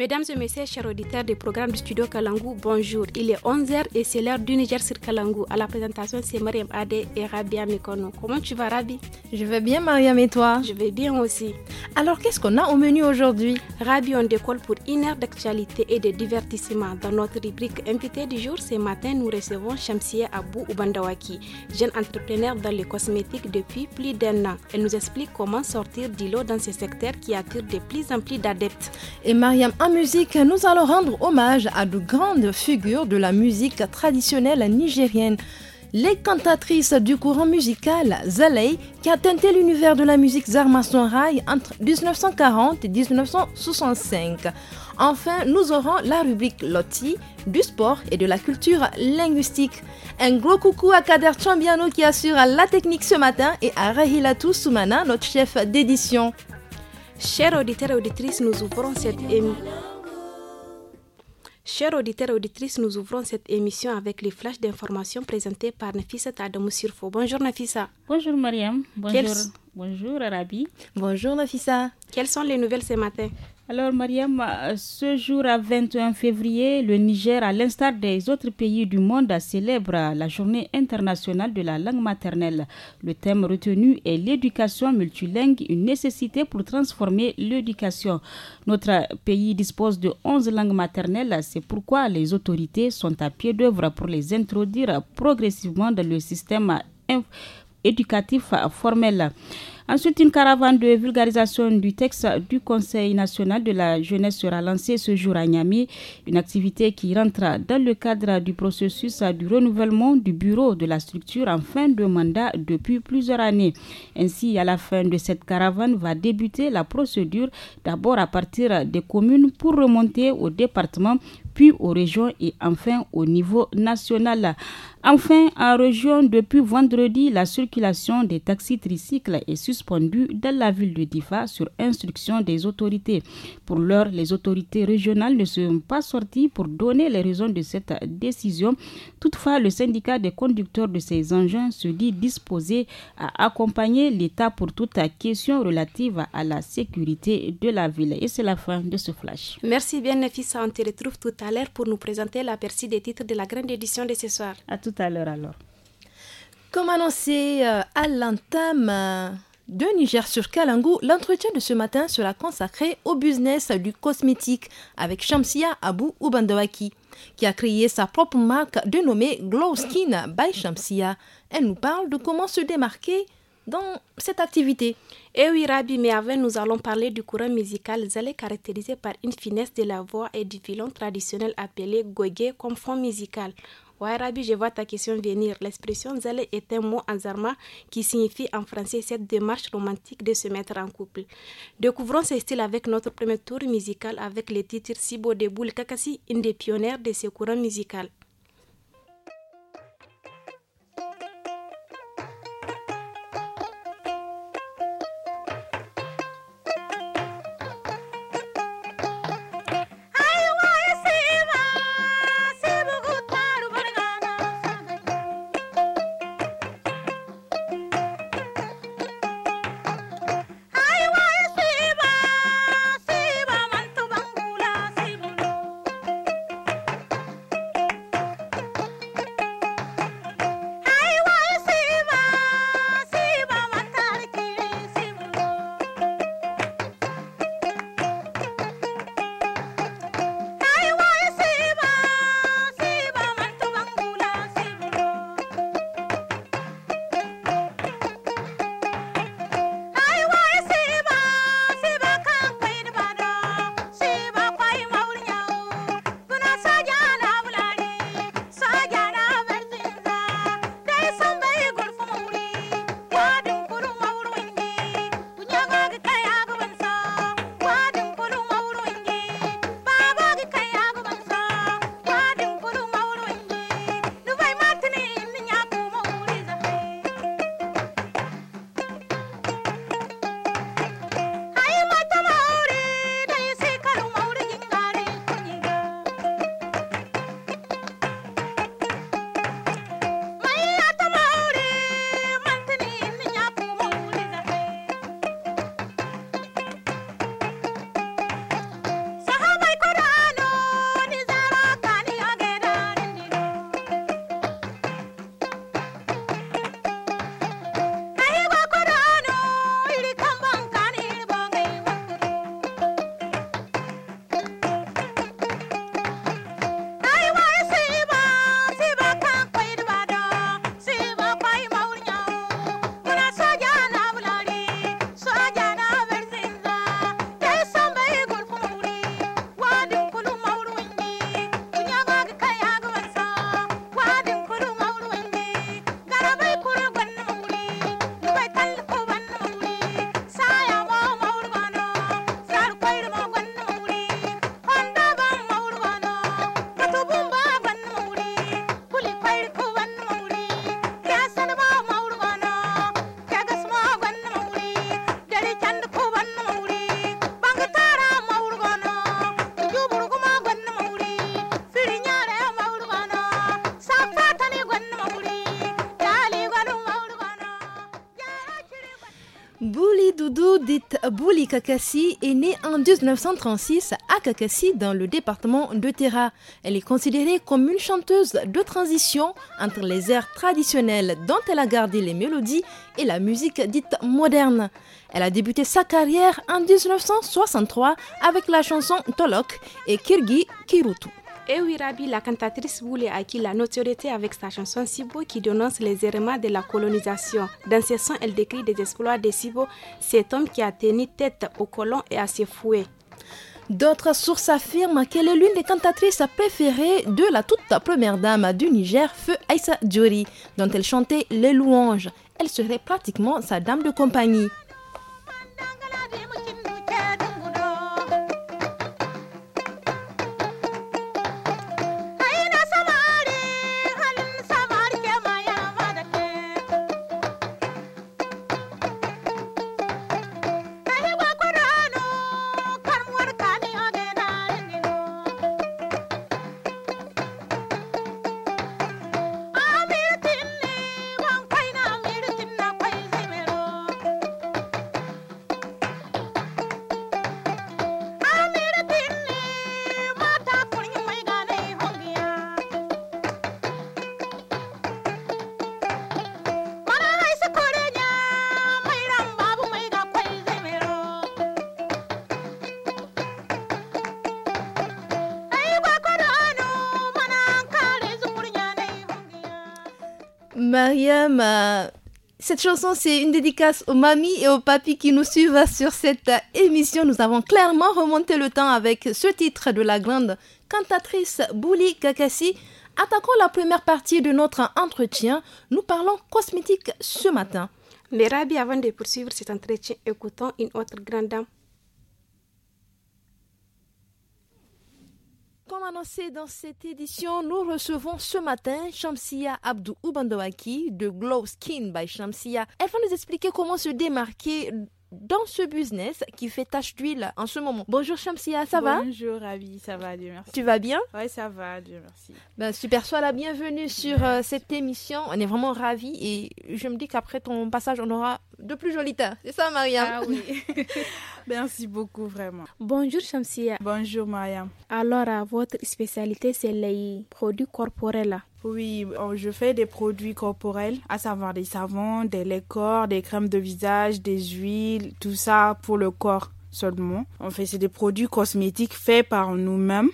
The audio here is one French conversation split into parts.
Mesdames et messieurs, chers auditeurs du programme du studio Kalangou, bonjour. Il est 11h et c'est l'heure du Niger sur Kalangou. À la présentation, c'est Mariam Adé et Rabia Mekono. Comment tu vas, Rabi Je vais bien, Mariam, et toi Je vais bien aussi. Alors, qu'est-ce qu'on a au menu aujourd'hui Rabi, on décolle pour une heure d'actualité et de divertissement. Dans notre rubrique invité du jour, ce matin, nous recevons Shamsia Abou Ubandawaki, jeune entrepreneur dans les cosmétiques depuis plus d'un an. Elle nous explique comment sortir du dans ce secteur qui attire de plus en plus d'adeptes. Et Mariam, en musique, nous allons rendre hommage à de grandes figures de la musique traditionnelle nigérienne. Les cantatrices du courant musical Zalei, qui a teinté l'univers de la musique Zarma Rai entre 1940 et 1965. Enfin, nous aurons la rubrique Loti du sport et de la culture linguistique. Un gros coucou à Kader Chambiano qui assure la technique ce matin et à Rahilatou Soumana, notre chef d'édition. Chers auditeurs et auditrices, nous ouvrons cette émission. avec les flashs d'informations présentés par Nafissa Tadamou Bonjour Nafissa. Bonjour Mariam. Bonjour. Bonjour Arabi. Bonjour Nafissa. Quelles sont les nouvelles ce matin alors Mariam, euh, ce jour à 21 février, le Niger, à l'instar des autres pays du monde, célèbre la journée internationale de la langue maternelle. Le thème retenu est l'éducation multilingue, une nécessité pour transformer l'éducation. Notre pays dispose de 11 langues maternelles, c'est pourquoi les autorités sont à pied d'œuvre pour les introduire progressivement dans le système éducatif formel. Ensuite, une caravane de vulgarisation du texte du Conseil national de la jeunesse sera lancée ce jour à Niamey, une activité qui rentre dans le cadre du processus du renouvellement du bureau de la structure en fin de mandat depuis plusieurs années. Ainsi, à la fin de cette caravane va débuter la procédure d'abord à partir des communes pour remonter au département, puis aux régions et enfin au niveau national. Enfin, en région, depuis vendredi, la circulation des taxis tricycles est suspendue dans la ville de Difa sur instruction des autorités. Pour l'heure, les autorités régionales ne sont pas sorties pour donner les raisons de cette décision. Toutefois, le syndicat des conducteurs de ces engins se dit disposé à accompagner l'État pour toute question relative à la sécurité de la ville. Et c'est la fin de ce flash. Merci bien, Nefissa. On te retrouve tout à l'heure pour nous présenter l'aperçu des titres de la grande édition de ce soir tout à l'heure alors. Comme annoncé euh, à l'entame euh, de Niger sur Kalangu, l'entretien de ce matin sera consacré au business du cosmétique avec Shamsia Abou Ubandawaki qui a créé sa propre marque dénommée Glow Skin by Shamsia. Elle nous parle de comment se démarquer dans cette activité. Et eh oui, Rabi, mais avant, nous allons parler du courant musical Zalé caractérisé par une finesse de la voix et du violon traditionnel appelé gogué comme fond musical. Rabi, je vois ta question venir. L'expression Zale est un mot en zarma qui signifie en français cette démarche romantique de se mettre en couple. Découvrons ce style avec notre premier tour musical avec les titres "Cibo de Boule Kakasi, une des pionnières de ce courant musical. Kakassi est née en 1936 à Kakassi dans le département de Terra. Elle est considérée comme une chanteuse de transition entre les airs traditionnels dont elle a gardé les mélodies et la musique dite moderne. Elle a débuté sa carrière en 1963 avec la chanson Tolok et Kirgi Kirutu. Ewi la cantatrice voulait acquérir acquis la notoriété avec sa chanson Sibo qui dénonce les errements de la colonisation. Dans ce son, elle décrit des exploits de Sibo, cet homme qui a tenu tête aux colons et à ses fouets. D'autres sources affirment qu'elle est l'une des cantatrices préférées de la toute première dame du Niger, Feu Aïssa Djori, dont elle chantait les louanges. Elle serait pratiquement sa dame de compagnie. même, euh, cette chanson, c'est une dédicace aux mamies et aux papis qui nous suivent sur cette euh, émission. Nous avons clairement remonté le temps avec ce titre de la grande cantatrice Bouli Kakassi. Attaquons la première partie de notre entretien. Nous parlons cosmétique ce matin. Mais Rabi, avant de poursuivre cet entretien, écoutons une autre grande dame Comme annoncé dans cette édition, nous recevons ce matin Shamsia Abdou Ubandowaki de Glow Skin by Shamsia. Elle va nous expliquer comment se démarquer dans ce business qui fait tache d'huile en ce moment. Bonjour Shamsia, ça va Bonjour Ravi, ça va, Dieu merci. Tu vas bien Oui, ça va, Dieu merci. Ben, super, sois la bienvenue sur euh, cette émission. On est vraiment ravis et je me dis qu'après ton passage, on aura de plus jolis temps. C'est ça, Mariam Ah oui. merci beaucoup, vraiment. Bonjour Shamsia. Bonjour Maria. Alors, euh, votre spécialité, c'est les produits corporels. Oui, euh, je fais des produits corporels, à savoir des savons, des laits corps, des crèmes de visage, des huiles, tout ça pour le corps seulement. En fait, c'est des produits cosmétiques faits par nous-mêmes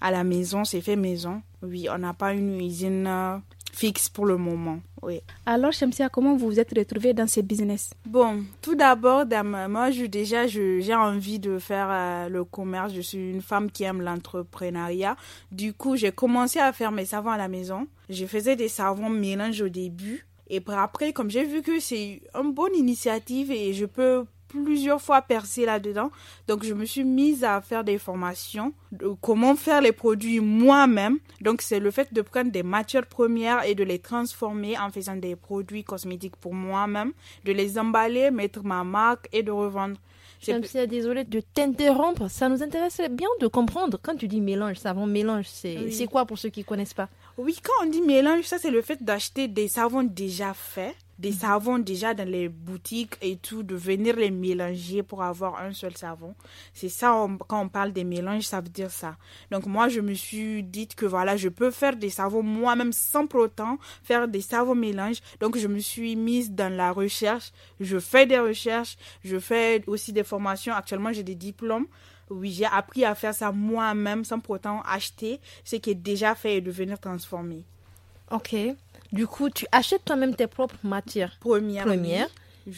à la maison, c'est fait maison. Oui, on n'a pas une usine euh, fixe pour le moment. Oui. Alors, Shamsia, comment vous vous êtes retrouvée dans ce business Bon, tout d'abord, moi, je, déjà, j'ai envie de faire euh, le commerce. Je suis une femme qui aime l'entrepreneuriat. Du coup, j'ai commencé à faire mes savons à la maison. Je faisais des savons mélange au début. Et après, comme j'ai vu que c'est une bonne initiative et je peux plusieurs fois percé là-dedans. Donc, je me suis mise à faire des formations de comment faire les produits moi-même. Donc, c'est le fait de prendre des matières premières et de les transformer en faisant des produits cosmétiques pour moi-même, de les emballer, mettre ma marque et de revendre. Je désolée de t'interrompre. Ça nous intéresse bien de comprendre. Quand tu dis mélange, savon mélange, c'est quoi pour ceux qui connaissent pas Oui, quand on dit mélange, ça c'est le fait d'acheter des savons déjà faits des savons déjà dans les boutiques et tout, de venir les mélanger pour avoir un seul savon. C'est ça, quand on parle des mélanges, ça veut dire ça. Donc moi, je me suis dit que voilà, je peux faire des savons moi-même sans pour autant faire des savons mélanges. Donc je me suis mise dans la recherche. Je fais des recherches, je fais aussi des formations. Actuellement, j'ai des diplômes. Oui, j'ai appris à faire ça moi-même sans pour autant acheter ce qui est déjà fait et de venir transformer. Ok. Du coup, tu achètes toi-même tes propres matières premières.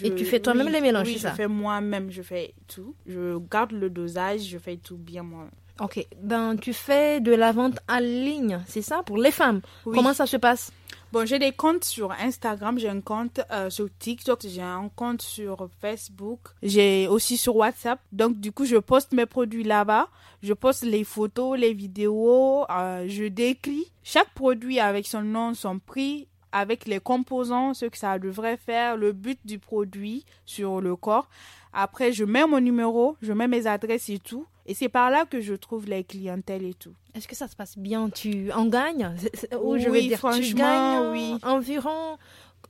et tu fais toi-même les mélanges, oui, ça je fais moi-même, je fais tout. Je garde le dosage, je fais tout bien moi. Ok, ben tu fais de la vente en ligne, c'est ça, pour les femmes. Comment ça se passe Bon, j'ai des comptes sur Instagram, j'ai un compte euh, sur TikTok, j'ai un compte sur Facebook, j'ai aussi sur WhatsApp. Donc, du coup, je poste mes produits là-bas. Je poste les photos, les vidéos, euh, je décris chaque produit avec son nom, son prix, avec les composants, ce que ça devrait faire, le but du produit sur le corps. Après, je mets mon numéro, je mets mes adresses et tout. Et c'est par là que je trouve les clientèles et tout. Est-ce que ça se passe bien Tu en gagnes oui, veux dire, franchement, tu gagnes oui. environ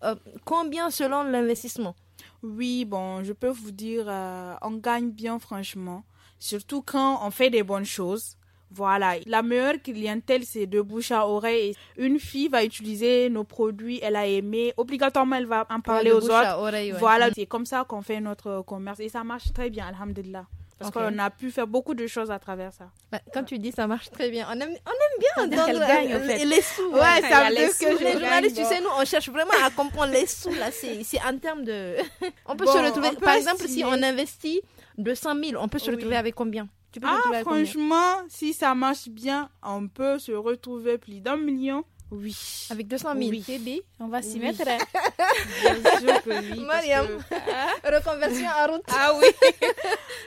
euh, combien selon l'investissement Oui, bon, je peux vous dire, euh, on gagne bien, franchement. Surtout quand on fait des bonnes choses. Voilà, la meilleure clientèle, c'est de bouche à oreille. Une fille va utiliser nos produits, elle a aimé, obligatoirement, elle va en parler aux autres. Voilà, c'est comme ça qu'on fait notre commerce et ça marche très bien, alhamdulillah. Parce qu'on a pu faire beaucoup de choses à travers ça. quand bah, tu dis ça marche très bien, on aime, on aime bien entendre gagne, les sous. Ouais, hein. ça veut dire que les journalistes, tu sais, nous, on cherche vraiment à comprendre les sous, C'est en termes de. on peut se retrouver. Par exemple, si on investit 200 000, on peut se retrouver avec combien tu peux ah, franchement, si ça marche bien, on peut se retrouver plus d'un million. Oui. Avec 200 000 oui. on va s'y mettre. Mariam, ah. reconversion en route. Ah oui.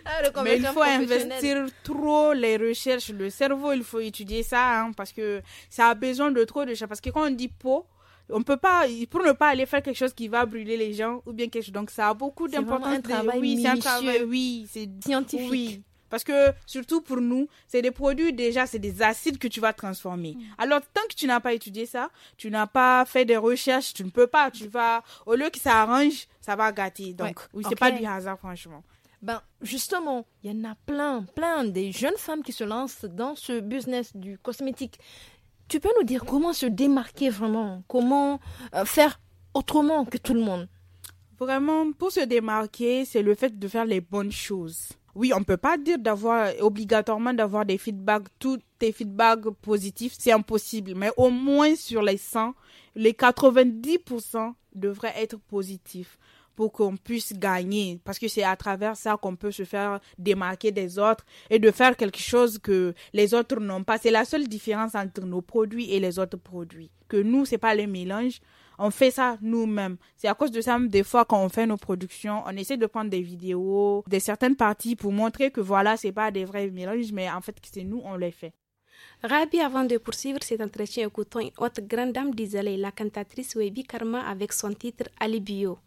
Ah, Mais il faut investir trop les recherches. Le cerveau, il faut étudier ça hein, parce que ça a besoin de trop de choses. Parce que quand on dit peau, on peut pas pour ne pas aller faire quelque chose qui va brûler les gens ou bien quelque chose donc ça a beaucoup d'importance c'est un travail oui scientifique parce que surtout pour nous, c'est des produits déjà, c'est des acides que tu vas transformer. Mm. Alors tant que tu n'as pas étudié ça, tu n'as pas fait des recherches, tu ne peux pas. Tu vas au lieu que ça arrange, ça va gâter. Donc oui, c'est pas du hasard franchement. Ben justement, il y en a plein, plein des jeunes femmes qui se lancent dans ce business du cosmétique. Tu peux nous dire comment se démarquer vraiment, comment euh, faire autrement que tout le monde Vraiment, pour se démarquer, c'est le fait de faire les bonnes choses oui, on ne peut pas dire d'avoir obligatoirement d'avoir des feedbacks, tous tes feedbacks positifs, c'est impossible. Mais au moins sur les 100, les 90% devraient être positifs pour qu'on puisse gagner. Parce que c'est à travers ça qu'on peut se faire démarquer des autres et de faire quelque chose que les autres n'ont pas. C'est la seule différence entre nos produits et les autres produits. Que nous, ce c'est pas le mélange on fait ça nous-mêmes. C'est à cause de ça, des fois, quand on fait nos productions, on essaie de prendre des vidéos, des certaines parties pour montrer que voilà, c'est pas des vrais mélanges, mais en fait, c'est nous, on les fait. Rabi, avant de poursuivre cet entretien, écoutons une autre grande dame d'Isalé, la cantatrice Webi Karma, avec son titre Alibio.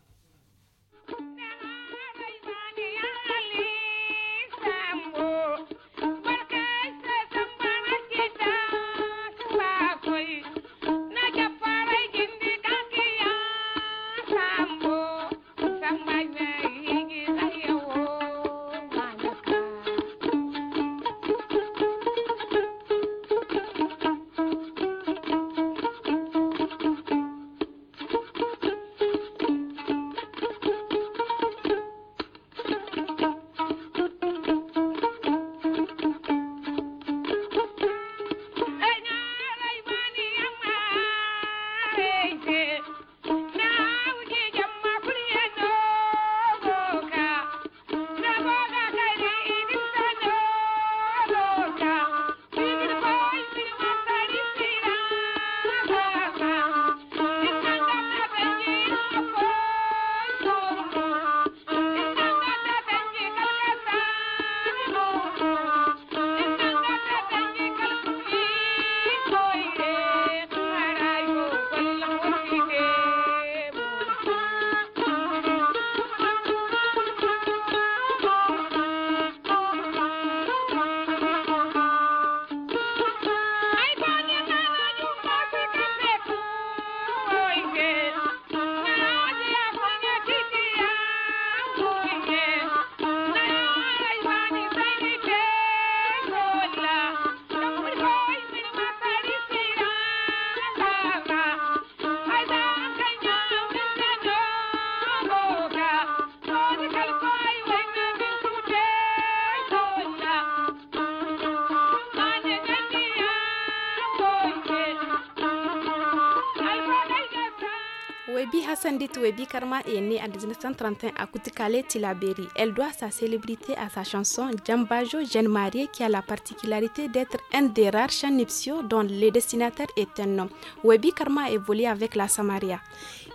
Webi Karma est née en 1931 à Kutikale, Tilaberi. Elle doit sa célébrité à sa chanson Jambajo, jeune mariée, qui a la particularité d'être un des rares chansons nuptiaux dont le destinataire est un homme. Webi Karma évolue avec la Samaria.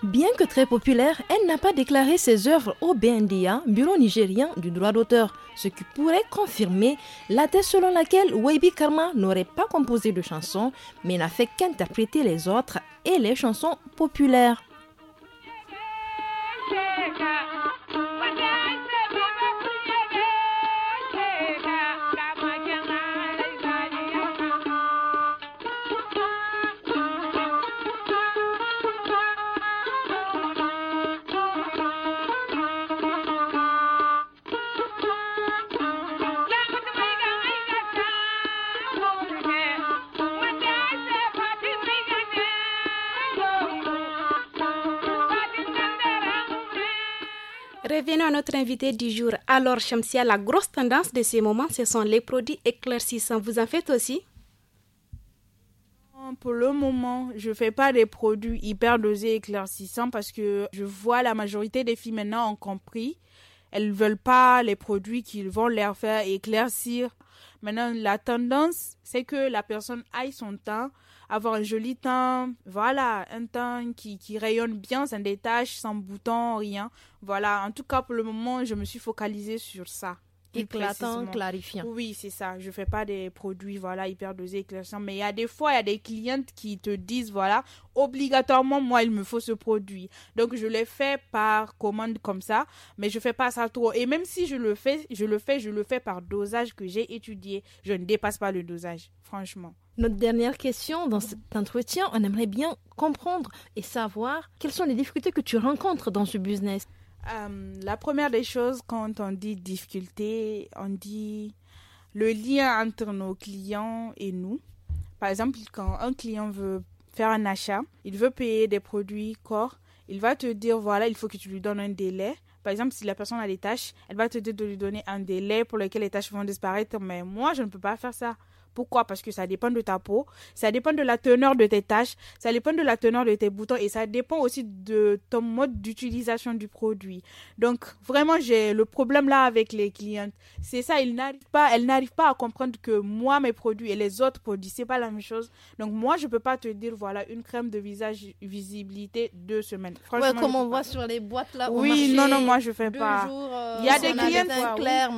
Bien que très populaire, elle n'a pas déclaré ses œuvres au BNDA, Bureau nigérien du droit d'auteur, ce qui pourrait confirmer la thèse selon laquelle Webi Karma n'aurait pas composé de chansons, mais n'a fait qu'interpréter les autres et les chansons populaires. America. Revenons à notre invité du jour. Alors, Shamsia, la grosse tendance de ces moments, ce sont les produits éclaircissants. Vous en faites aussi pour le moment, je ne fais pas des produits hyper dosés éclaircissants parce que je vois la majorité des filles maintenant ont compris. Elles veulent pas les produits qui vont leur faire éclaircir. Maintenant, la tendance, c'est que la personne aille son temps avoir un joli teint, voilà, un teint qui, qui rayonne bien, sans détache sans boutons, rien. Voilà, en tout cas, pour le moment, je me suis focalisée sur ça éclatant, clarifiant. Oui, c'est ça. Je fais pas des produits voilà hyper dosés, éclaircissants. Mais il y a des fois, il y a des clientes qui te disent voilà obligatoirement moi il me faut ce produit. Donc je les fais par commande comme ça, mais je fais pas ça trop. Et même si je le fais, je le fais, je le fais par dosage que j'ai étudié. Je ne dépasse pas le dosage, franchement. Notre dernière question dans cet entretien, on aimerait bien comprendre et savoir quelles sont les difficultés que tu rencontres dans ce business. Euh, la première des choses, quand on dit difficulté, on dit le lien entre nos clients et nous. Par exemple, quand un client veut faire un achat, il veut payer des produits corps, il va te dire, voilà, il faut que tu lui donnes un délai. Par exemple, si la personne a des tâches, elle va te dire de lui donner un délai pour lequel les tâches vont disparaître. Mais moi, je ne peux pas faire ça. Pourquoi Parce que ça dépend de ta peau, ça dépend de la teneur de tes taches, ça dépend de la teneur de tes boutons et ça dépend aussi de ton mode d'utilisation du produit. Donc vraiment, j'ai le problème là avec les clientes. C'est ça, pas, elles n'arrivent pas à comprendre que moi, mes produits et les autres produits, c'est pas la même chose. Donc moi, je ne peux pas te dire, voilà, une crème de visage visibilité deux semaines. comme on voit sur les boîtes là. Oui, au non, non, moi je fais pas. Euh, il y a des clients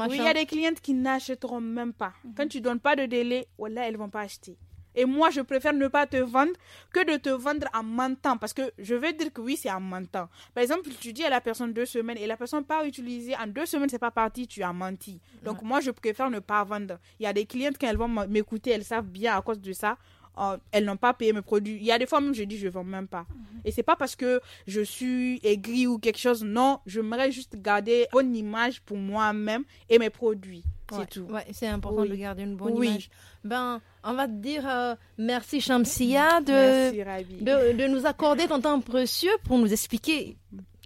oui, il y a des clientes qui n'achèteront même pas. Mhm. Quand tu donnes pas de délai, voilà, elles vont pas acheter. Et moi, je préfère ne pas te vendre que de te vendre en mentant. Parce que je veux dire que oui, c'est en mentant. Par exemple, tu dis à la personne deux semaines et la personne pas utilisée. En deux semaines, c'est pas parti, tu as menti. Donc, moi, je préfère ne pas vendre. Il y a des clientes, quand vont m'écouter, elles savent bien à cause de ça. Euh, elles n'ont pas payé mes produits. Il y a des fois même je dis je vends même pas. Et Et c'est pas parce que je suis aigrie ou quelque chose. Non, j'aimerais juste garder une bonne image pour moi-même et mes produits. C'est tout. c'est important de garder une bonne image. Ben, on va te dire euh, merci Shamsia de, de nous accorder ton temps précieux pour nous expliquer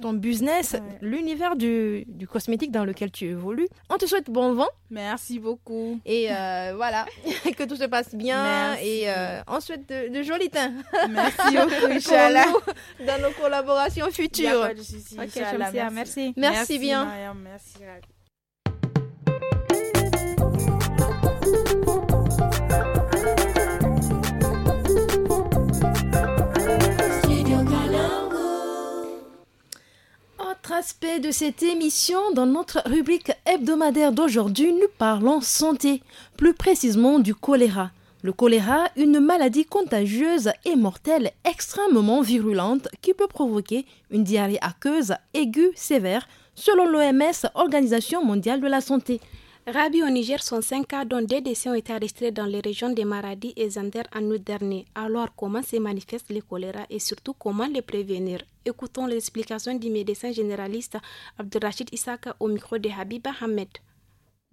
ton business, l'univers du, du, cosmétique dans lequel tu évolues. On te souhaite bon vent. Merci beaucoup. Et euh, voilà, que tout se passe bien. Et euh, on souhaite de, jolis teints. Merci beaucoup, Inch'Allah. dans nos collaborations futures. Il a pas Merci. merci. bien. autre aspect de cette émission, dans notre rubrique hebdomadaire d'aujourd'hui, nous parlons santé, plus précisément du choléra. Le choléra, une maladie contagieuse et mortelle extrêmement virulente qui peut provoquer une diarrhée aqueuse aiguë sévère, selon l'OMS, Organisation mondiale de la santé. Rabi au Niger sont cinq cas dont deux décès ont été arrestés dans les régions de Maradi et Zander en août dernier. Alors comment se manifeste les choléra et surtout comment les prévenir Écoutons l'explication du médecin généraliste Abdelrachid Issaka au micro de Habib Ahmed.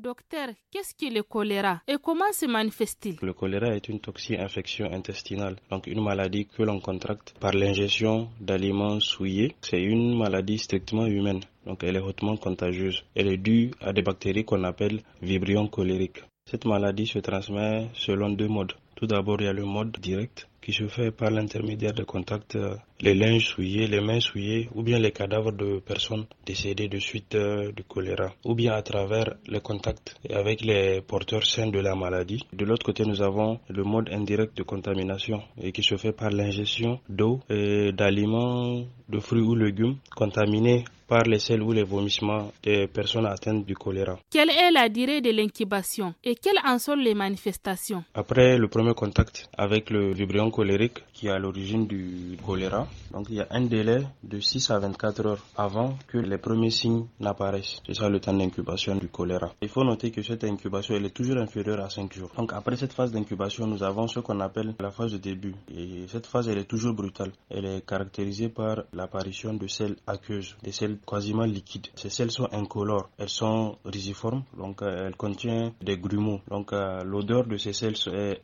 Docteur, qu'est-ce que le choléra et comment se manifeste-t-il Le choléra est une toxi-infection intestinale, donc une maladie que l'on contracte par l'ingestion d'aliments souillés. C'est une maladie strictement humaine, donc elle est hautement contagieuse. Elle est due à des bactéries qu'on appelle vibrions cholériques. Cette maladie se transmet selon deux modes. Tout d'abord, il y a le mode direct, qui se fait par l'intermédiaire de contacts, euh, les linges souillés, les mains souillées, ou bien les cadavres de personnes décédées de suite euh, du choléra, ou bien à travers les contacts avec les porteurs sains de la maladie. De l'autre côté, nous avons le mode indirect de contamination, et qui se fait par l'ingestion d'eau, d'aliments, de fruits ou légumes contaminés par les selles ou les vomissements des personnes atteintes du choléra. Quelle est la durée de l'incubation et quelles en sont les manifestations Après le premier contact avec le vibrion cholérique qui est à l'origine du choléra. Donc il y a un délai de 6 à 24 heures avant que les premiers signes n'apparaissent. C'est ça le temps d'incubation du choléra. Il faut noter que cette incubation elle est toujours inférieure à 5 jours. Donc après cette phase d'incubation, nous avons ce qu'on appelle la phase de début. Et cette phase elle est toujours brutale. Elle est caractérisée par l'apparition de selles aqueuses, des selles quasiment liquides. Ces selles sont incolores, elles sont risiformes, donc euh, elles contiennent des grumeaux. Donc euh, l'odeur de ces selles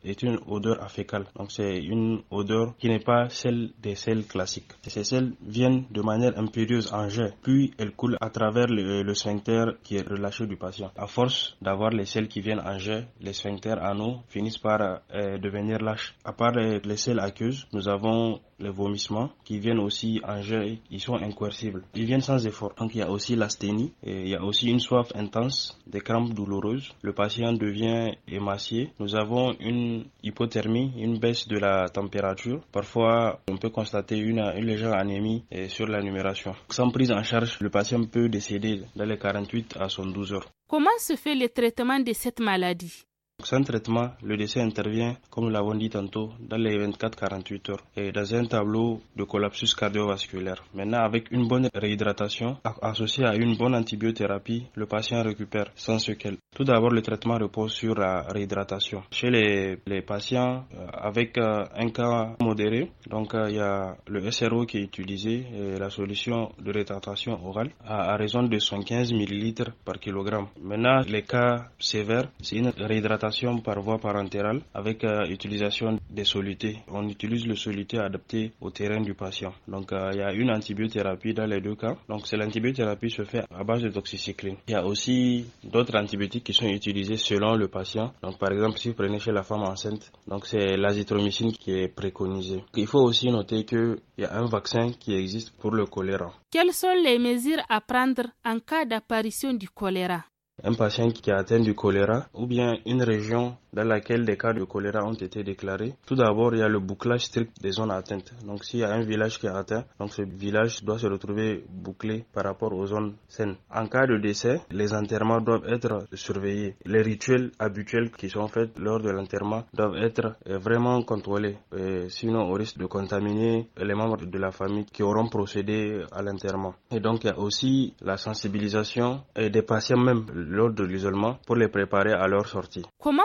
est une odeur afécale. Donc c'est une une odeur qui n'est pas celle des sels classiques. Ces sels viennent de manière impérieuse en jet, puis elles coulent à travers le, sphincter qui est relâché du patient. À force d'avoir les sels qui viennent en jet, les sphincters anneaux finissent par euh, devenir lâches. À part les sels aqueuses, nous avons les vomissements qui viennent aussi en jet, ils sont incoercibles. Ils viennent sans effort. Donc il y a aussi l'asthénie, et il y a aussi une soif intense, des crampes douloureuses. Le patient devient émacié. Nous avons une hypothermie, une baisse de la la température. Parfois, on peut constater une, légère anémie euh, sur la numération. Sans prise en charge, le patient peut décéder dans les 48 à 72 heures. Comment se fait le traitement de cette maladie sans traitement, le décès intervient, comme nous l'avons dit tantôt, dans les 24-48 heures et dans un tableau de collapsus cardiovasculaire. Maintenant, avec une bonne réhydratation associée à une bonne antibiothérapie, le patient récupère sans séquelles. Tout d'abord, le traitement repose sur la réhydratation. Chez les, patients euh, avec euh, un cas modéré, donc euh, il y a le SRO qui est utilisé, et la solution de réhydratation orale, à, raison de 115 ml par kilogramme. Maintenant, les cas sévères, c'est une réhydratation par voie parentérale avec l'utilisation euh, utilisation des solutés. On utilise le soluté adapté au terrain du patient. Donc euh, il y a une antibiothérapie dans les deux cas. Donc c'est l'antibiothérapie se fait à base de doxycycline. Il y a aussi d'autres antibiotiques qui sont utilisés selon le patient. Donc par exemple si vous prenez chez la femme enceinte, donc c'est l'azithromycine qui est préconisée. Il faut aussi noter qu'il y a un vaccin qui existe pour le choléra. Quelles sont les mesures à prendre en cas d'apparition du choléra un patient qui est atteint du choléra ou bien une région dans laquelle des cas de choléra ont été déclarés. Tout d'abord, il y a le bouclage strict des zones atteintes. Donc s'il y a un village qui est atteint, donc ce village doit se retrouver bouclé par rapport aux zones saines. En cas de décès, les enterrements doivent être surveillés. Les rituels habituels qui sont faits lors de l'enterrement doivent être euh, vraiment contrôlés. Euh, sinon, on risque de contaminer les membres de la famille qui auront procédé à l'enterrement. Et donc, il y a aussi la sensibilisation euh, des patients même lors de l'isolement pour les préparer à leur sortie. Comment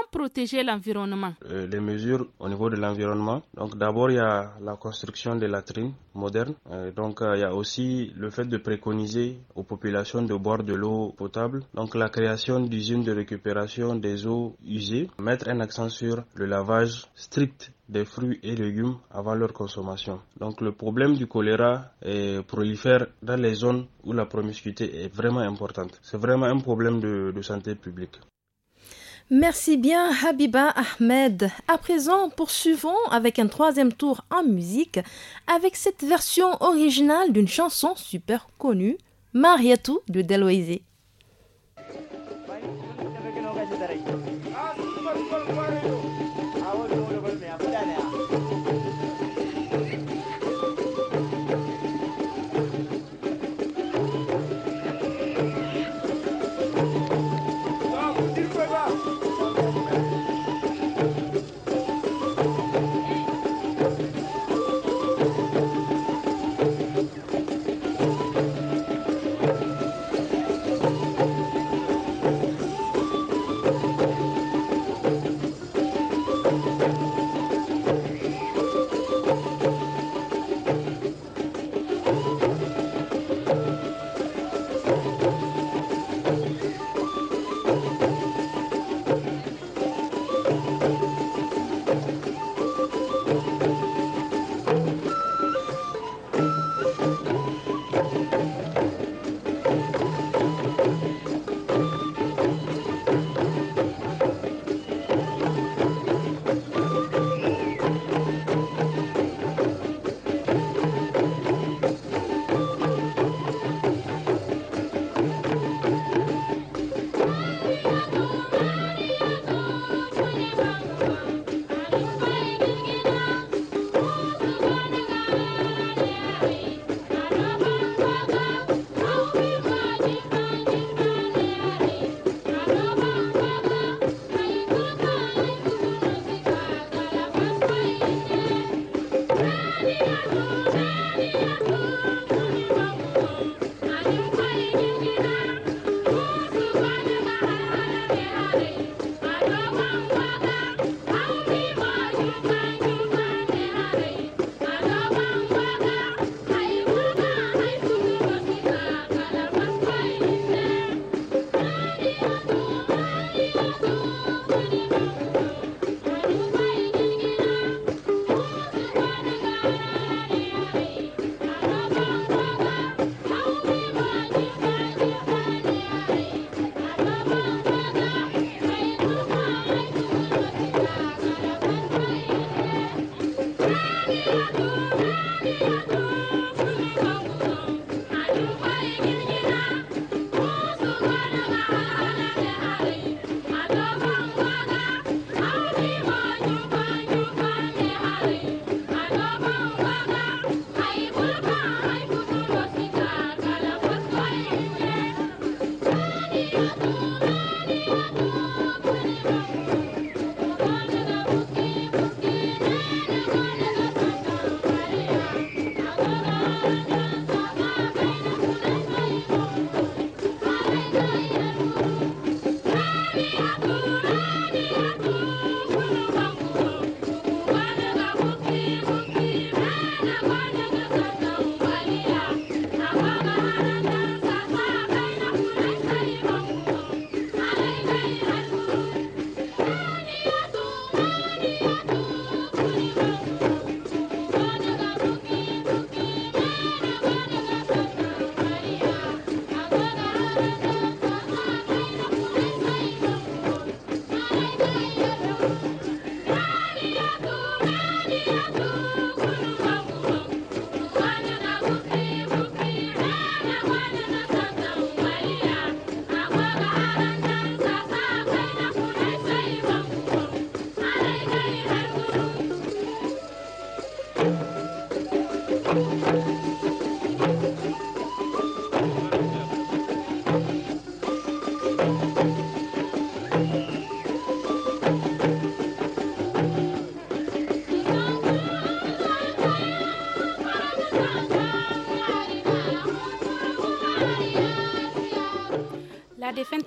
l'environnement euh, Les mesures au niveau de l'environnement, donc d'abord il y a la construction des latrines modernes, euh, donc euh, il y a aussi le fait de préconiser aux populations de boire de l'eau potable, donc la création d'usines de récupération des eaux usées, mettre un accent sur le lavage strict des fruits et légumes avant leur consommation. Donc le problème du choléra est prolifère dans les zones où la promiscuité est vraiment importante. C'est vraiment un problème de santé publique. Merci bien Habiba Ahmed. À présent, poursuivons avec un troisième tour en musique avec cette version originale d'une chanson super connue, Mariatu de Deloise.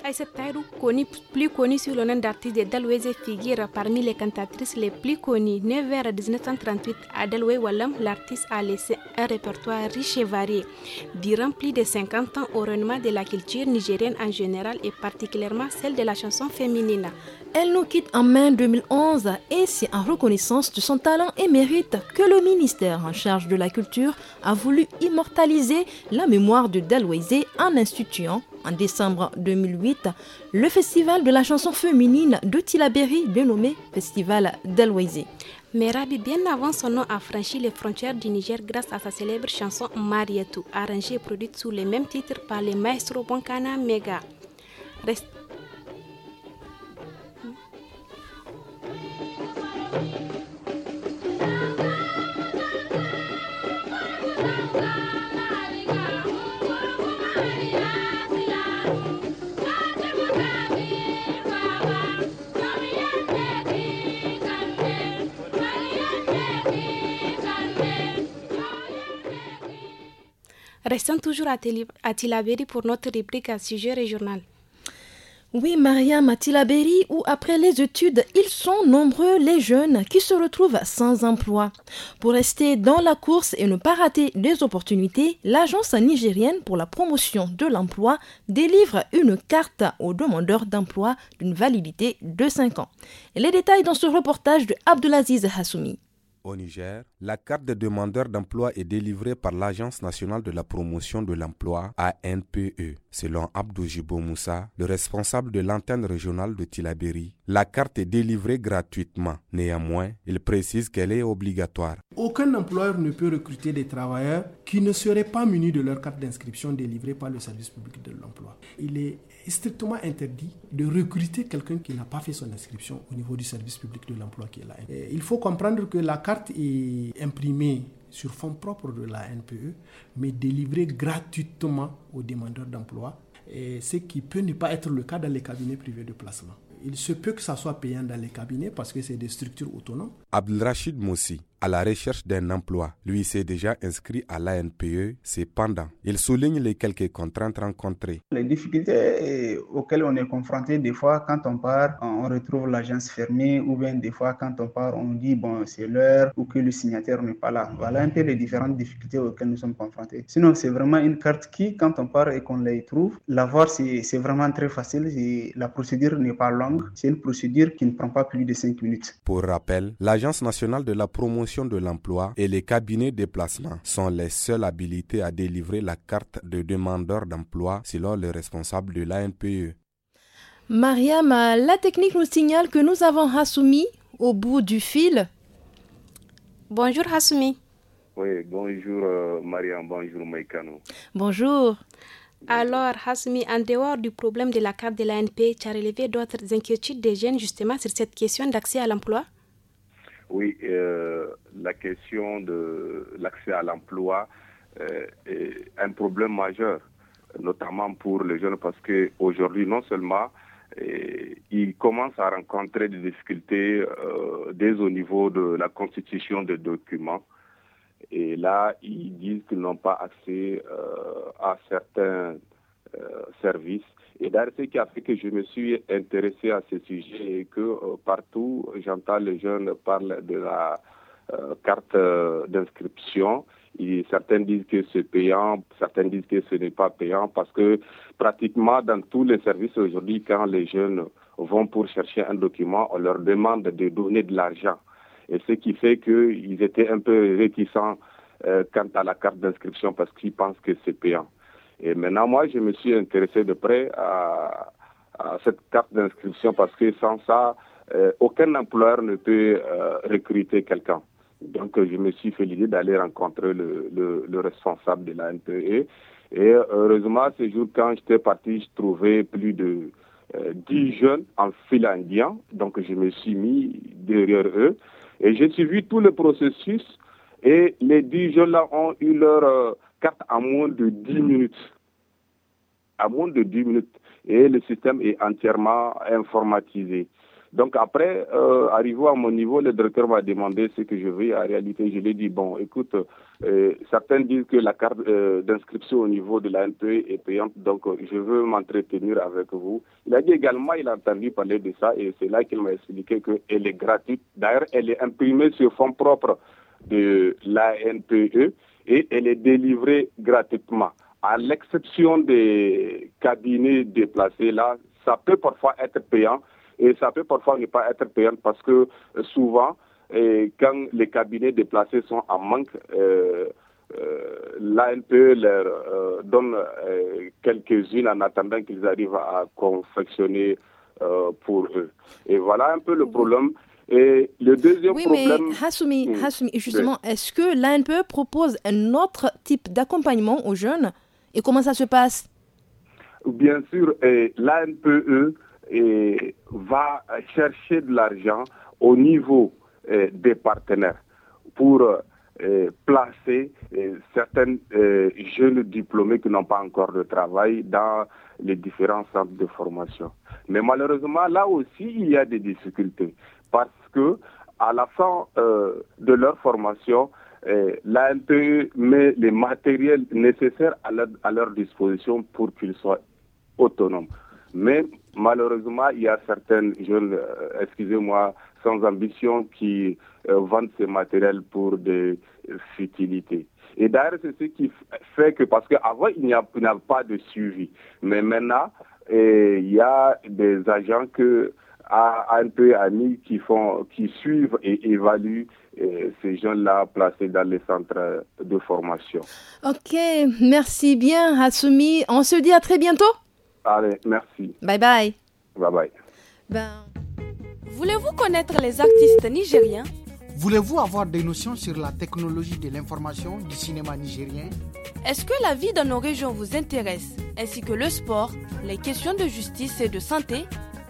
Aïssa Taïrou, plus connue sous le nom d'artiste de figure parmi les cantatrices les plus connues. 9 vers 1938, à Dalwe Wallam, l'artiste a laissé un répertoire riche et varié, durant plus de 50 ans au renouement de la culture nigérienne en général et particulièrement celle de la chanson féminine. Elle nous quitte en mai 2011 et c'est en reconnaissance de son talent et mérite que le ministère en charge de la culture a voulu immortaliser la mémoire de Dalwese en instituant en décembre 2008, le festival de la chanson féminine de Tilaberi, dénommé Festival d'Elwaizi. Mais Rabi, bien avant son nom, a franchi les frontières du Niger grâce à sa célèbre chanson Marietou, arrangée et produite sous les mêmes titres par les maestro Bonkana Mega. Restons toujours à Tilaberi pour notre réplique à sujet régional. Oui, Mariam Tilaberi où après les études, ils sont nombreux les jeunes qui se retrouvent sans emploi. Pour rester dans la course et ne pas rater les opportunités, l'Agence nigérienne pour la promotion de l'emploi délivre une carte aux demandeurs d'emploi d'une validité de 5 ans. Les détails dans ce reportage de Abdelaziz Hassoumi. Au Niger, la carte de demandeur d'emploi est délivrée par l'Agence nationale de la promotion de l'emploi, ANPE. Selon Abdoujibou Moussa, le responsable de l'antenne régionale de Tilaberi, la carte est délivrée gratuitement. Néanmoins, il précise qu'elle est obligatoire. Aucun employeur ne peut recruter des travailleurs qui ne seraient pas munis de leur carte d'inscription délivrée par le service public de l'emploi. Il est est strictement interdit de recruter quelqu'un qui n'a pas fait son inscription au niveau du service public de l'emploi qui est là. NPE. il faut comprendre que la carte est imprimée sur fonds propres de la NPE, mais délivrée gratuitement aux demandeurs d'emploi, ce qui peut ne pas être le cas dans les cabinets privés de placement. Il se peut que ça soit payant dans les cabinets parce que c'est des structures autonomes. Abdelrachid Moussi, à la recherche d'un emploi. Lui s'est déjà inscrit à l'ANPE. Cependant, il souligne les quelques contraintes rencontrées. Les difficultés eh, auxquelles on est confronté des fois quand on part, on retrouve l'agence fermée ou bien des fois quand on part, on dit bon c'est l'heure ou que le signataire n'est pas là. Voilà un peu les différentes difficultés auxquelles nous sommes confrontés. Sinon, c'est vraiment une carte qui, quand on part et qu'on la trouve, l'avoir c'est vraiment très facile. La procédure n'est pas longue. C'est une procédure qui ne prend pas plus de cinq minutes. Pour rappel, l'Agence nationale de la promotion de l'emploi et les cabinets de placement sont les seuls habilités à délivrer la carte de demandeur d'emploi selon le responsable de l'ANPE. Mariam, la technique nous signale que nous avons Hassoumi au bout du fil. Bonjour Hassoumi. Oui, bonjour euh, Mariam, bonjour Maïkano. Bonjour. Alors, Hasmi, en dehors du problème de la carte de l'ANPE, tu as relevé d'autres inquiétudes des jeunes justement sur cette question d'accès à l'emploi oui, euh, la question de l'accès à l'emploi euh, est un problème majeur, notamment pour les jeunes, parce qu'aujourd'hui, non seulement euh, ils commencent à rencontrer des difficultés dès au niveau de la constitution des documents. Et là, ils disent qu'ils n'ont pas accès à certains services et d'ailleurs, ce qui a fait que je me suis intéressé à ce sujet et que euh, partout, j'entends les jeunes parler de la euh, carte euh, d'inscription d'inscription. Certains disent que c'est payant, certains disent que ce n'est pas payant parce que pratiquement dans tous les services aujourd'hui, quand les jeunes vont pour chercher un document, on leur demande de donner de l'argent. Et ce qui fait qu'ils étaient un peu réticents quant à la carte d'inscription parce qu'ils pensent que c'est payant. Et maintenant, moi, je me suis intéressé de près à, cette carte d'inscription parce que sans ça, euh, aucun employeur ne peut euh, recruter quelqu'un. Donc, je me suis fait l'idée d'aller rencontrer le, responsable de la NPE. Et heureusement, ce jour, quand j'étais parti, je trouvais plus de 10 euh, mm. jeunes en fil Donc, je me suis mis derrière eux. Et j'ai suivi tout le processus. Et les 10 jeunes-là ont eu leur carte à moins de 10 minutes. À moins de 10 minutes. Et le système est entièrement informatisé. Donc après, euh, arrivé à mon niveau, le directeur m'a demandé ce que je veux. En réalité, je lui ai dit, bon, écoute, euh, certains disent que la carte euh, d'inscription au niveau de la NPE est payante, donc euh, je veux m'entretenir avec vous. Il a dit également, il a entendu parler de ça, et c'est là qu'il m'a expliqué qu'elle est gratuite. D'ailleurs, elle est imprimée sur fonds propres de l'ANPE et elle est délivrée gratuitement. À l'exception des cabinets déplacés, là, ça peut parfois être payant et ça peut parfois ne pas être payant parce que euh, souvent, quand les cabinets déplacés sont en manque, euh, euh, l'ANPE leur donne quelques-unes en attendant qu'ils arrivent à confectionner pour eux. Et voilà un peu le mhm. problème. Et le deuxième oui, mais Hassoumi, hmm, justement, est-ce que l'ANPE propose un autre type d'accompagnement aux jeunes et comment ça se passe Bien sûr, l'ANPE va chercher de l'argent au niveau eh, des partenaires pour eh, placer eh, certains jeunes diplômés qui n'ont pas encore de travail dans les différents centres de formation. Mais malheureusement, là aussi, il y a des difficultés parce que à la fin euh, de leur formation, euh, l'ANPE met les matériels nécessaires à leur, disposition pour qu'ils soient autonomes. Mais malheureusement, il y a certaines jeunes, euh, excusez-moi, sans ambition qui vendent ces matériels pour des futilités. Et d'ailleurs, c'est ce qui fait que, parce qu'avant, il n'y a, pas de suivi. Mais maintenant, il y a des agents que à un peu amis qui, font, qui suivent et évaluent euh, ces jeunes-là placés dans les centres de formation. Ok, merci bien Hassoumi. On se dit à très bientôt. Allez, merci. Bye bye. Bye bye. Ben, voulez-vous connaître les artistes nigériens Voulez-vous avoir des notions sur la technologie de l'information du cinéma nigérien Est-ce que la vie dans nos régions vous intéresse, ainsi que le sport, les questions de justice et de santé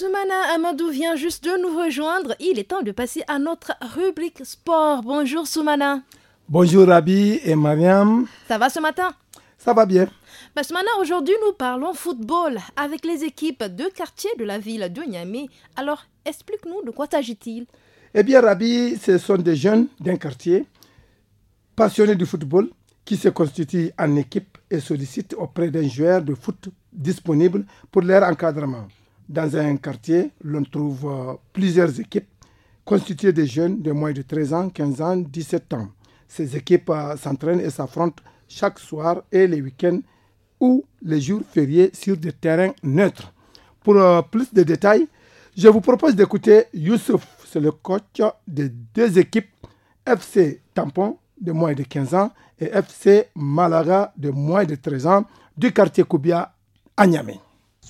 Soumana Amadou vient juste de nous rejoindre. Il est temps de passer à notre rubrique sport. Bonjour Soumana. Bonjour Rabi et Mariam. Ça va ce matin Ça va bien. Bah, ben, Soumana, aujourd'hui nous parlons football avec les équipes de quartier de la ville de Niamey. Alors explique-nous de quoi s'agit-il Eh bien Rabi, ce sont des jeunes d'un quartier passionnés du football qui se constituent en équipe et sollicitent auprès d'un joueur de foot disponible pour leur encadrement dans un quartier, l'on trouve euh, plusieurs équipes constituées de jeunes de moins de 13 ans, 15 ans, 17 ans. Ces équipes euh, s'entraînent et s'affrontent chaque soir et les week-ends ou les jours fériés sur des terrains neutres. Pour euh, plus de détails, je vous propose d'écouter Youssouf, c'est le coach des deux équipes FC Tampon de moins de 15 ans et FC Malaga de moins de 13 ans du quartier Koubia à Niamey.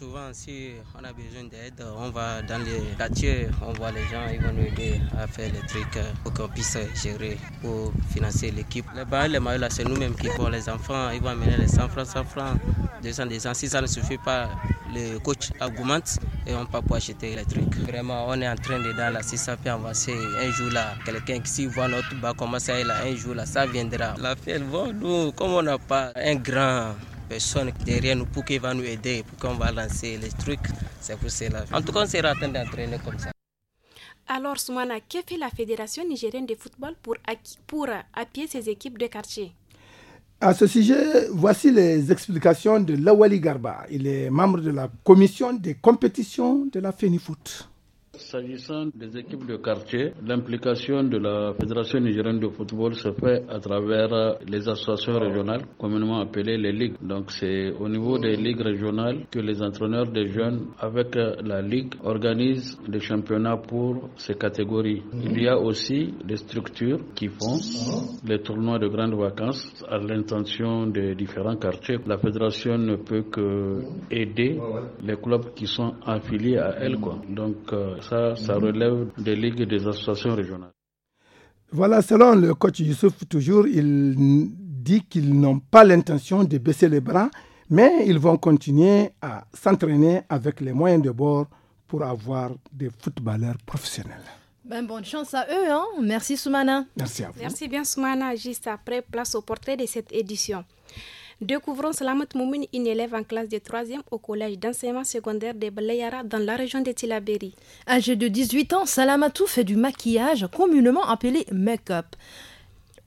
Souvent, si on a besoin d'aide, on va dans les quartiers, on voit les gens, ils vont nous aider à faire les trucs pour qu'on puisse gérer, pour financer l'équipe. Les bas les maillots, c'est nous-mêmes qui font les enfants, ils vont amener les 100 francs, 100 francs, 200, 200. Si ça ne suffit pas, le coach augmente et on part pour acheter les trucs. Vraiment, on est en train de dans la si ça peut avancer, un jour là, quelqu'un qui voit notre bas, commencer à là, un jour là, ça viendra. La fête, bon, nous, comme on n'a pas un grand personne derrière nous pour qu'il va nous aider, pour qu'on va lancer les trucs. C'est pour cela. En tout cas, on sera en train d'entraîner comme ça. Alors, Soumana, que fait la Fédération nigérienne de football pour, pour appuyer ses équipes de quartier à ce sujet, voici les explications de Lawali Garba. Il est membre de la commission des compétitions de la FENIFOOT. S'agissant des équipes de quartier, l'implication de la Fédération nigérienne de football se fait à travers les associations régionales, communément appelées les ligues. Donc c'est au niveau des ligues régionales que les entraîneurs des jeunes avec la ligue organisent des championnats pour ces catégories. Il y a aussi des structures qui font les tournois de grandes vacances à l'intention des différents quartiers. La fédération ne peut que aider les clubs qui sont affiliés à elle. Quoi. Donc euh, ça, mhm. relève des ligues et des associations régionales. Voilà, selon le coach Youssouf, toujours, il dit qu'ils n'ont pas l'intention de baisser les bras, mais ils vont continuer à s'entraîner avec les moyens de bord pour avoir des footballeurs professionnels. Ben, bonne chance à eux. Hein. Merci Soumana. Merci à vous. Merci bien Soumana. Juste après, place au portrait de cette édition. Découvrons Salamat Moumine, une élève en classe de 3e au collège d'enseignement secondaire de Balayara dans la région de Tilaberi. Âgée de 18 ans, Salamatou fait du maquillage communément appelé make-up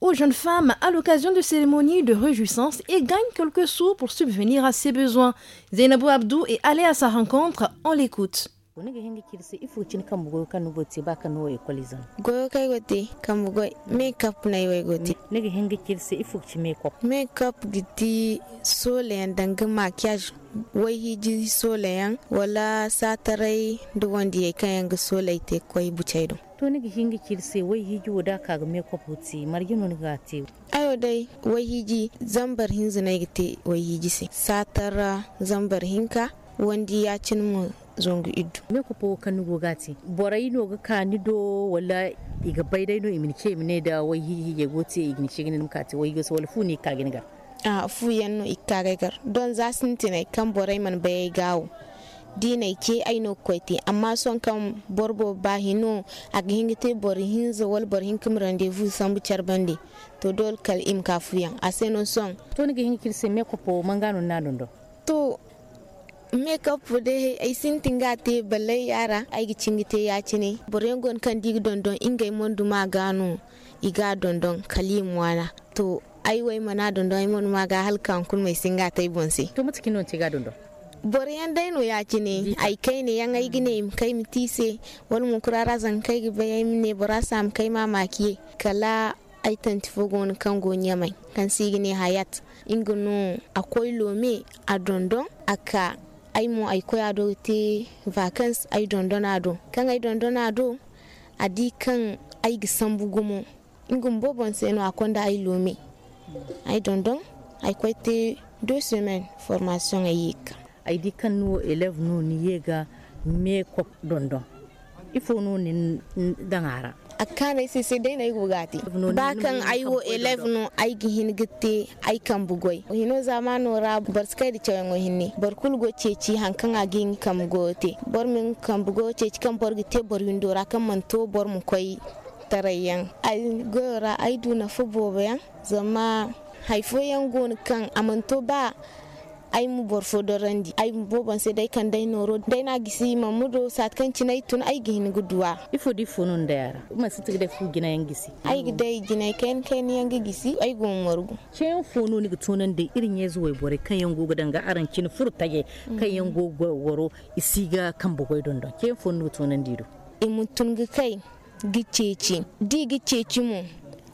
aux jeunes femmes à l'occasion de cérémonies de réjouissance et gagne quelques sous pour subvenir à ses besoins. Zainabou Abdou est allé à sa rencontre, on l'écoute. wani ga hindi kirsi ifu kan kam kan nugo ce ba kanu e kwalizan goyo kai goti kam go makeup na yoy gote ne ga hindi kirsi ifu chi makeup makeup giti sole yan dangin makiyaj wai hiji sole yan wala satarai duk wanda ya kayan ga sole te koi bucai don. to ni hingi kirse wai hiji wada ka ga makeup hoti marginu wani ga te ayo dai wai hiji zambar hinzu na gite wai hiji se satara zambar hinka wanda ya cin mu zongu iddu me ko po kan go gati borai no ga kani do wala iga baidai no imin ke mine da wai hi ya gote igni shigin num kati wai gosa wala funi ka gin ga. a fu yan no yanno ga gar don za tina kan borai man bai gawo dina ke aino kwaiti amma son kan borbo ba hino a ga hingite bori hin wal bori hin kim rendezvous san bucar bande to dol kal im yan a sai no son to ni ga hinkir me ko po mangano na do to makeup de ay sintinga te balai yara ay te ya cine borengon kan dig dondon ingay mondu ma gano iga dondon kalim wana to ai wai mana dondon ai mon ma ga halkan kun mai singa tai bonse to mutaki non ce ga dondon boriyan daino ya ci ne ai kai ne yan ai gine mm. kai mitise wani mun kurara zan kai gibe bayan ne bora sam kai mamaki kala ai tanti fogon kan gonya mai kan sigi ne hayat ingunu akwai lome a aka ai mo ai koya do te vacance ai dondona do kan ai dondona do kan ai gisan bugumo ingum no akonda ai lome ai dondon ai koy te deux semaines formation ai yika ai di kan no élève no ni yega me kok dondon il faut no ni dangara sai sai dai na yi dena ba kan aiwo 11 no aiki aigi hingitte aikan bugoi hino zamano ra barska di chawango hinni barkul go ceci hankan agin kam gote bar min kam bugo ceci kam bor gite ra kan kam manto bor mu koi tarayyan ai gora ai duna fubo bayan zama haifoyan gon kan amanto ba ai mu borfo randi ai mu boban sai dai kan dai noro dai na gisi mamudo sat kan cinai tun ai gihin guduwa ifo di funun da yara ma su tigde fu gina yan gisi ai dai gina ken ken yan gisi ai gun wargu cen funu ni tunan da irin ya zuwa bore kan yan gogo ga aran kin furtage kan yan gogo woro isiga kan bugoi don cen funu tunan dido imun tun kai gicheci di gicheci mu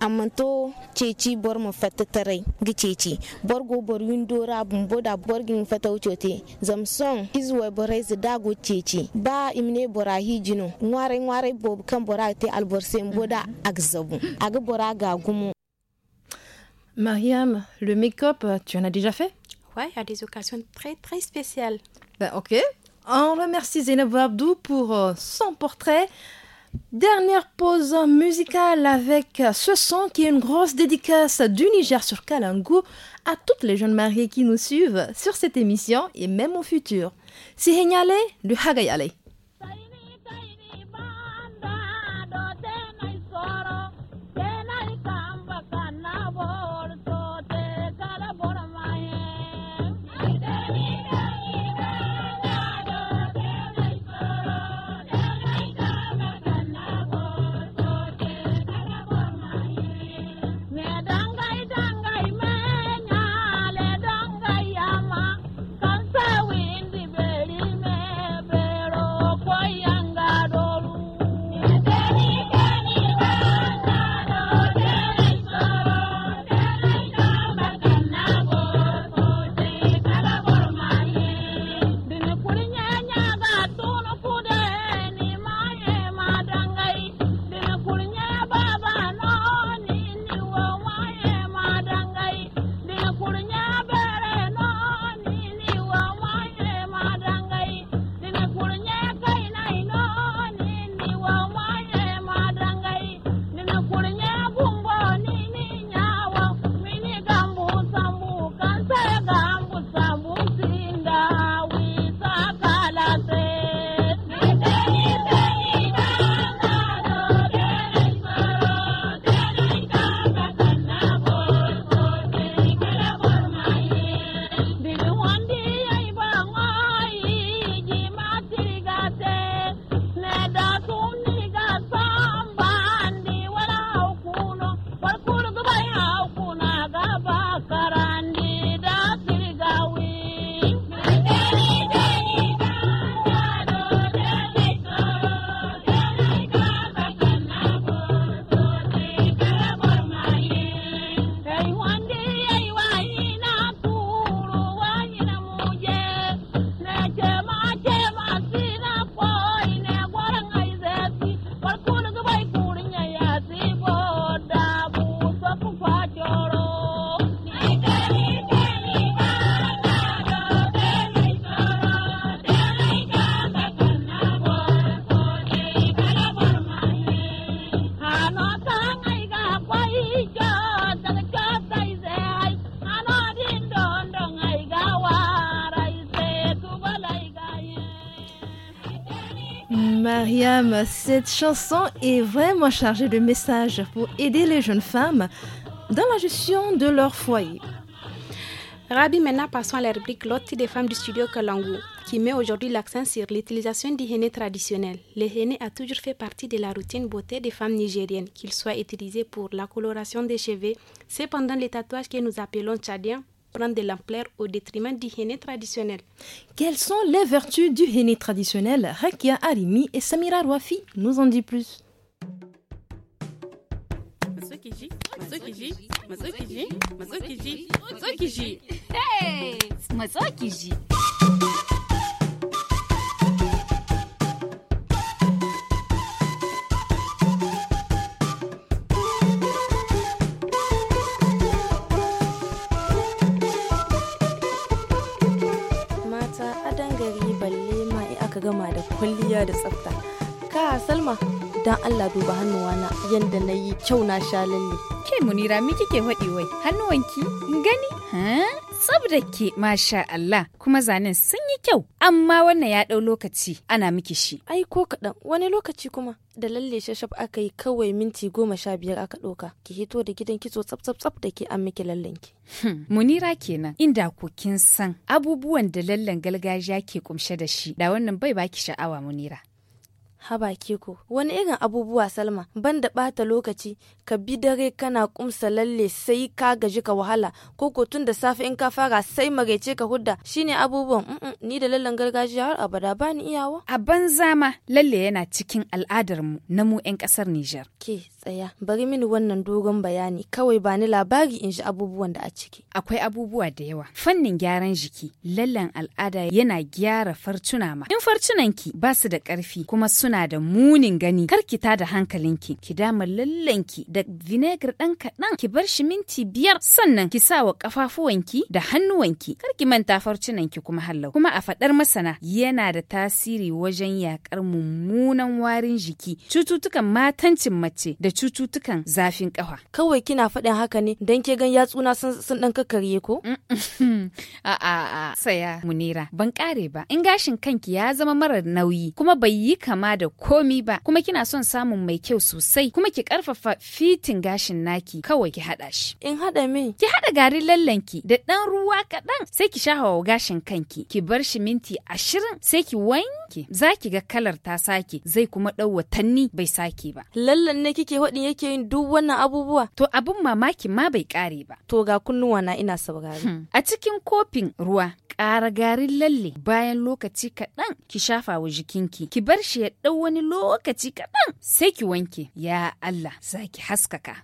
amanto cheche bor mo fete tarai gi ceci bor go bor windo ra bumbo da bor gin fata ucote zamson izuwa borai zu dago ceci ba imne bora hijino ngware ngware bob kan bora te alborse ak zabu aga bora gumu Mariam, le make-up, tu en as déjà fait Ouais, à des occasions très très spéciales. Ben ok. On remercie Zainab Abdou pour euh, son portrait. Dernière pause musicale avec ce son qui est une grosse dédicace du Niger sur Kalangu à toutes les jeunes mariées qui nous suivent sur cette émission et même au futur. C'est le du Hagayale. Cette chanson est vraiment chargée de messages pour aider les jeunes femmes dans la gestion de leur foyer. Rabi, Mena, passons à la rubrique des femmes du studio Kalangu, qui met aujourd'hui l'accent sur l'utilisation du henné traditionnel. Le henné a toujours fait partie de la routine beauté des femmes nigériennes, qu'il soit utilisé pour la coloration des cheveux, cependant les tatouages que nous appelons tchadiens prendre de l'ampleur au détriment du henné traditionnel. Quelles sont les vertus du henné traditionnel Rakia Arimi et Samira Rouafi nous en disent plus. Hey kwalliya da tsafta ka salma dan Allah duba hannuwana yadda na yi kyau na sha lalle. Ke munira me kike faɗi wai hannuwanki gani? da ke masha Allah kuma zanen sun yi kyau amma wannan ya ɗau lokaci ana miki shi. Ai ko kaɗan wani lokaci kuma da lalle shashaf aka yi kawai minti goma sha biyar aka ɗauka ki hito da gidan kitso tsaf tsaf da ke an miki lallen ki. Hmm, Munira kenan inda ku kin san abubuwan da lallen gargajiya ke kumshe da shi da wannan bai baki sha'awa Munira. haba keko wani irin abubuwa salma ban da ɓata lokaci ka bi dare kana kumsa lalle sai ka gaji ka wahala ko ko tun da safe in ka fara sai magaice ka hudda shine abubuwan mm -mm, ni da lallan gargajiya har abada ba iyawa a banza ma lalle yana cikin al'adar mu na mu 'yan kasar Nijar. ke tsaya bari mini wannan dogon bayani kawai ba ni labari in ji abubuwan da a ciki akwai abubuwa da yawa fannin gyaran jiki lallan al'ada yana gyara farcuna ma in ki ba su da ƙarfi kuma suna da munin gani kar ki da hankalinki ki dama ki. da vinegar dan kaɗan ki bar shi minti biyar sannan ki sa wa ƙafafuwanki da hannuwanki kar ki manta ki kuma hallau kuma a faɗar masana yana da tasiri wajen yaƙar mummunan warin jiki cututtukan matancin mace da da cututtukan zafin kafa. Kawai kina faɗin haka ne don ke gan yatsuna sun ɗan kakkarye ko? a a a saya munira ban kare ba in gashin kanki ya zama mara nauyi kuma bai yi kama da komi ba kuma kina son samun mai kyau sosai kuma ki karfafa fitin gashin naki kawai ki haɗa shi. In haɗa me? Ki haɗa garin lallanki da ɗan ruwa kaɗan sai ki shahawa gashin kanki ki bar shi minti ashirin sai ki wanke za ki ga kalar ta sake zai kuma ɗau watanni bai sake ba. Lallan ne kike waɗin yake yin duk wannan abubuwa. To abin mamaki ma bai ƙare ba. To ga kunnuwa na ina saurari. Hmm. A cikin kofin ruwa ƙara garin lalle bayan lokaci kaɗan ki shafa wa jikinki ki bar shi ya ɗau wani lokaci kaɗan sai ki wanke. Ya Allah za ki haskaka.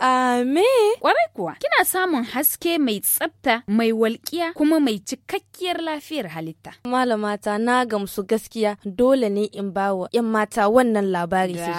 A me? Ƙwarai kuwa kina samun haske mai tsafta mai walƙiya kuma mai cikakkiyar lafiyar halitta. Malamata na gamsu gaskiya dole ne in bawa 'yan mata wannan labari su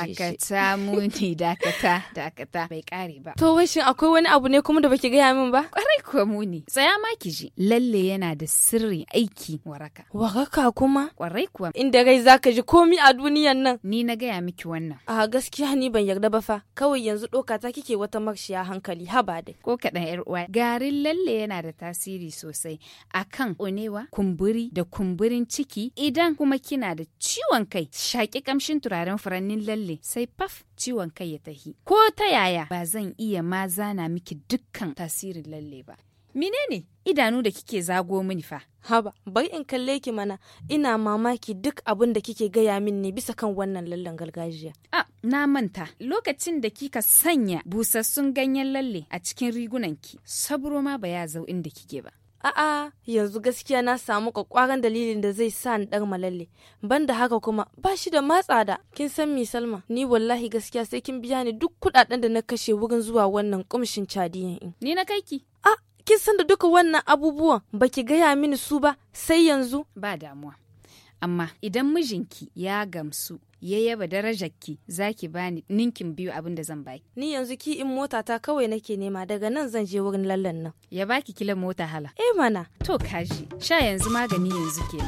ji. dakata dakata bai kare ba to wai shin akwai wani abu ne kuma da baki gaya min ba kwarai kuwa mu tsaya ma ki ji lalle yana da sirrin aiki waraka waraka kuma kwarai kuwa inda gai zaka ji komi a duniyan nan ni na gaya miki wannan a gaskiya ni ban yarda ba fa kawai yanzu doka ta kike wata makshiya hankali haba dai ko kaɗan yar uwa garin lalle yana da tasiri sosai akan onewa kumburi da kumburin ciki idan kuma kina da ciwon kai shaki kamshin turaren furannin lalle sai faf ciwon kai ya tahi ko ta yaya ba zan iya ma zana miki dukkan tasirin lalle ba menene idanu da kike zago mini fa haba bai in kalle ki mana ina mamaki duk abin da kike gaya min ne bisa kan wannan lallen gargajiya a ah, na manta lokacin da kika sanya busassun ganyen lalle a cikin rigunanki saburo ma ba ya zau inda kike ba a'a yanzu gaskiya na samu kwakwaran dalilin da zai sa ni dar malalle ban da haka kuma ba shi da matsa da kin san mi salma ni wallahi gaskiya sai kin biya ni duk kudaden da na kashe wurin zuwa wannan kumshin cadiyan in ni na kai ki a kin san da duka wannan abubuwan baki gaya mini su ba sai yanzu ba damuwa amma idan mijinki ya gamsu ya yaba darajarki zaki bani ninkin biyu abin da zan baki. Ni yanzu ki in mota ta kawai nake nema daga nan zan je wurin lallan nan. Ya baki kilan mota hala. Eh mana. To kaji sha yanzu magani yanzu ke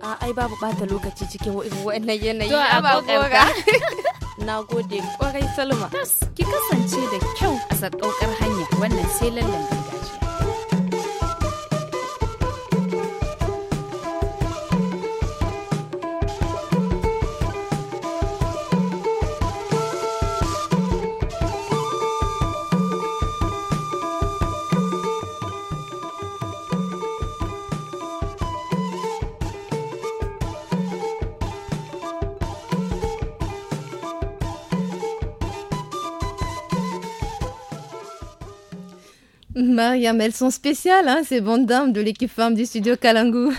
A ai babu bata lokaci cikin wa'annan yanayi. To a Na gode kwarai Salma. Ki kasance da kyau a sakaukar hanya wannan sai lallan Mariam, elles sont spéciales, hein, ces bonnes dames de l'équipe femme du studio Kalangu.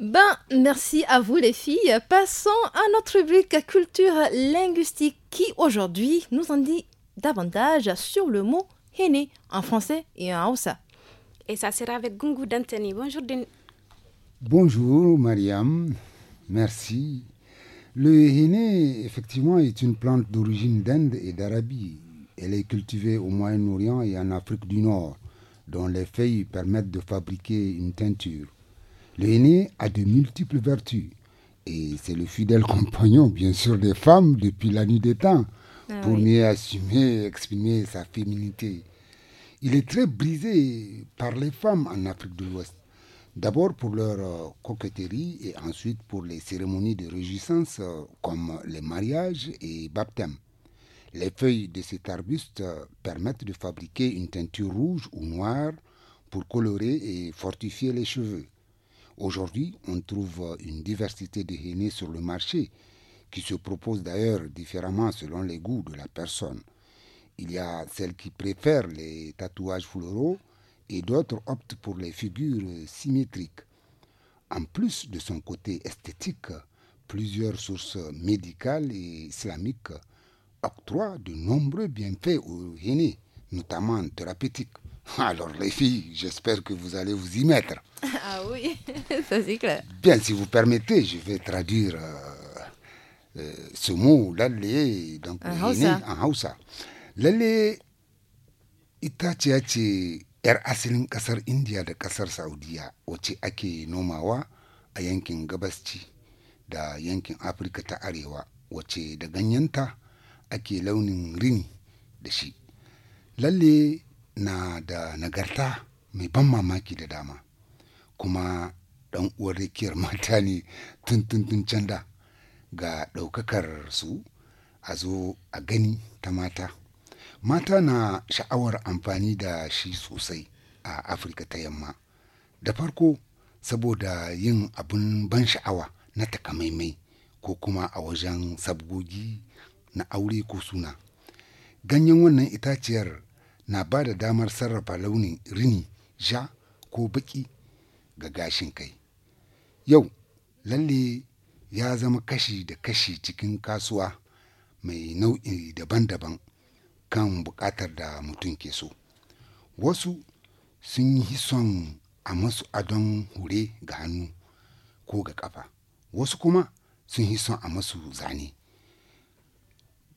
Ben, merci à vous les filles. Passons à notre rubrique culture linguistique qui aujourd'hui nous en dit davantage sur le mot henné en français et en haussa. Et ça sera avec Gungu Dantani. Bonjour Den... Bonjour Mariam, merci. Le henné, effectivement, est une plante d'origine d'Inde et d'Arabie elle est cultivée au Moyen-Orient et en Afrique du Nord, dont les feuilles permettent de fabriquer une teinture. Le henné a de multiples vertus et c'est le fidèle compagnon, bien sûr, des femmes depuis la nuit des temps, ah pour mieux assumer exprimer sa féminité. Il est très brisé par les femmes en Afrique de l'Ouest, d'abord pour leur euh, coquetterie et ensuite pour les cérémonies de réjouissance euh, comme les mariages et baptêmes. Les feuilles de cet arbuste euh, permettent de fabriquer une teinture rouge ou noire pour colorer et fortifier les cheveux. Aujourd'hui, on trouve euh, une diversité de henné sur le marché, qui se proposent d'ailleurs différemment selon les goûts de la personne. Il y a celles qui préfèrent les tatouages floraux et d'autres optent pour les figures euh, symétriques. En plus de son côté esthétique, plusieurs sources médicales et islamiques octroie de nombreux bienfaits aux aînés, notamment thérapeutiques. Alors les filles, j'espère que vous allez vous y mettre. Ah oui, ça c'est clair. Bien, si vous permettez, je vais traduire euh, euh, ce mot, l'alle, donc en Hausa. Lalle ita ce ya er asalin kasar India da kasar saoudia, wacce ake nomawa a yankin gabasci da yankin afrika ta Arewa wacce da ganyanta ake launin rini da shi lalle na da nagarta mai ban mamaki da dama kuma ɗan uwar rikiyar mata ne tun can da ga ɗaukakar su a zo a gani ta mata mata na sha'awar amfani da shi sosai a afirka ta yamma da farko saboda yin abin ban sha'awa na takamaimai ko kuma a wajen sabgogi na aure ko suna ganyen wannan itaciyar na ba da damar sarrafa launin rini ja ko baki ga gashin kai yau lalle ya zama kashi da kashi cikin kasuwa mai nau'i daban-daban kan buƙatar da mutum ke so wasu sun yi son a masu adon hure ga hannu ko ga ƙafa wasu kuma sun yi son a masu zane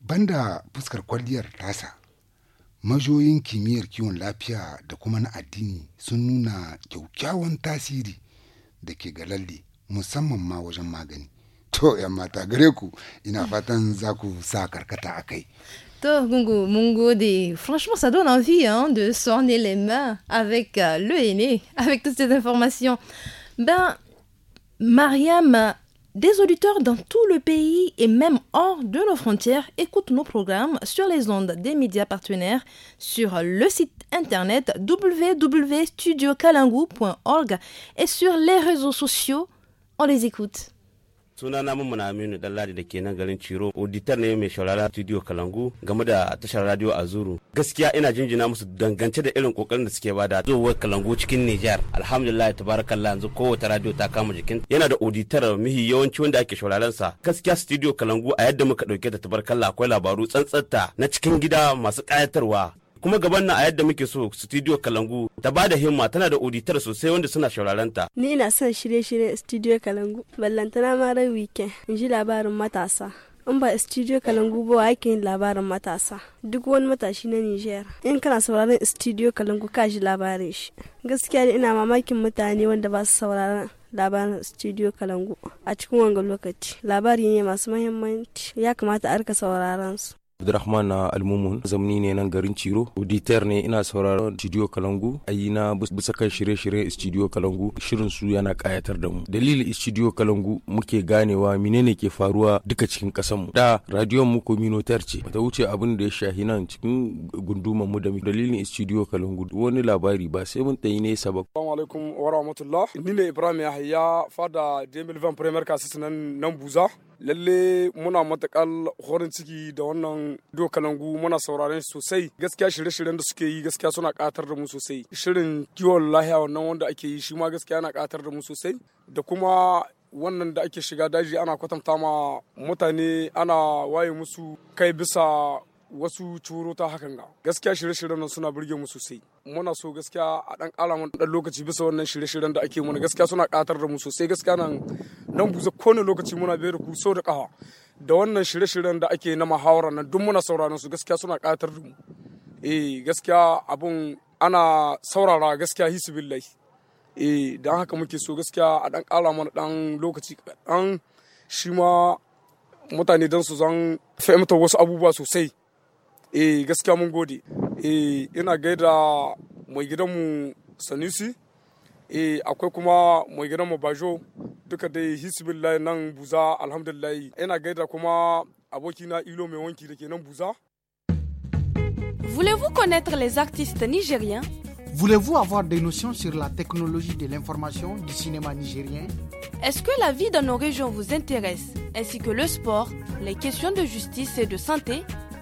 banda fuskar kwalliyar tasa majoyin kimiyyar kiwon lafiya da kuma na addini sun nuna kyaukyawan tasiri da ke ga lalle musamman ma wajen magani to yan mata gare ku ina fatan za ku sa karkata a kai Mongo, Gungu Mungode. Franchement, ça donne envie hein, de s'orner les mains avec euh, le aîné, avec toutes ces informations. Ben, Mariam, des auditeurs dans tout le pays et même hors de nos frontières écoutent nos programmes sur les ondes des médias partenaires sur le site internet www.studiocalingou.org et sur les réseaux sociaux. On les écoute. suna na mun aminu dan ladi da ke nan garin ciro auditor ne mai shaurara studio kalangu game da tashar radio zuru. gaskiya ina jinjina musu dangance da irin kokarin da suke bada zuwa kalangu cikin nijar alhamdulillah tabarakallah yanzu kowace radio ta kama jikin yana da auditor mihi yawanci wanda ake shauraran sa gaskiya studio kalangu a yadda muka dauke da tabarakallah akwai labaru tsantsanta na cikin gida masu kayatarwa kuma gaban na a yadda muke so studio kalangu ta ba da himma tana da oditar sosai wanda suna shauraranta ni ina son shirye-shirye studio kalangu ballantana ma ran weekend in ji labarin matasa in ba studio kalangu ba wa ake yin labarin matasa duk wani matashi na niger in kana sauraron studio kalangu ka ji labarin shi gaskiya ne ina mamakin mutane wanda ba su sauraron labarin studio kalangu a cikin wanga lokaci labari ne masu mahimmanci ya kamata a rika sauraron su Abdurrahman na Almumun zamani ne nan garin Ciro. Auditor ne ina sauraron Studio Kalangu. Ayi na bisa kan shirye-shirye Studio Kalangu. Shirin su yana kayatar da mu. Dalilin Studio Kalangu muke ganewa menene ke faruwa duka cikin mu Da radiyon mu communautaire ce. Bata wuce abin da ya shahi nan cikin gunduman mu da dalilin Studio Kalangu. Wani labari ba sai mun tayi nesa ba. Assalamu alaikum wa rahmatullah. Ni ne Ibrahim Yahaya fada 2020 Premier Kasis nan nan Buza. lalle muna matakar horin ciki da wannan dokalangu muna sauraren sosai gaskiya shirye-shiryen da suke yi gaskiya suna katar da mu sosai shirin kiwon lahiya wannan wanda ake yi shi ma gaskiya yana katar da mu sosai da kuma wannan da ake shiga daji ana kwatanta ma mutane ana waye musu kai bisa wasu ta hakan ga gaskiya shirye-shiryen nan suna burge mu sosai muna so gaskiya a dan kara mana dan lokaci bisa wannan shirye-shiryen da ake mana gaskiya suna katar da mu sosai gaskiya nan nan buza kowane lokaci muna bayar ku so da kawa da wannan shirye-shiryen da ake na muhawara nan duk muna sauraron su gaskiya suna katar da mu eh gaskiya abun ana saurara gaskiya hisu billahi eh dan haka muke so gaskiya a dan kara mana dan lokaci dan shi ma mutane don su zan fahimta wasu abubuwa sosai eh gaskiya mun gode eh ina gaida mai gidanmu sanusi eh akwai kuma mai gidanmu bajo duka dai hisbillahi nan buza alhamdulillah ina gaida kuma abokina ilo mai wanki da ke nan buza Voulez-vous connaître les artistes nigériens Voulez-vous avoir des notions sur la technologie de l'information du cinéma nigérien Est-ce que la vie dans nos régions vous intéresse, ainsi que le sport, les questions de justice et de santé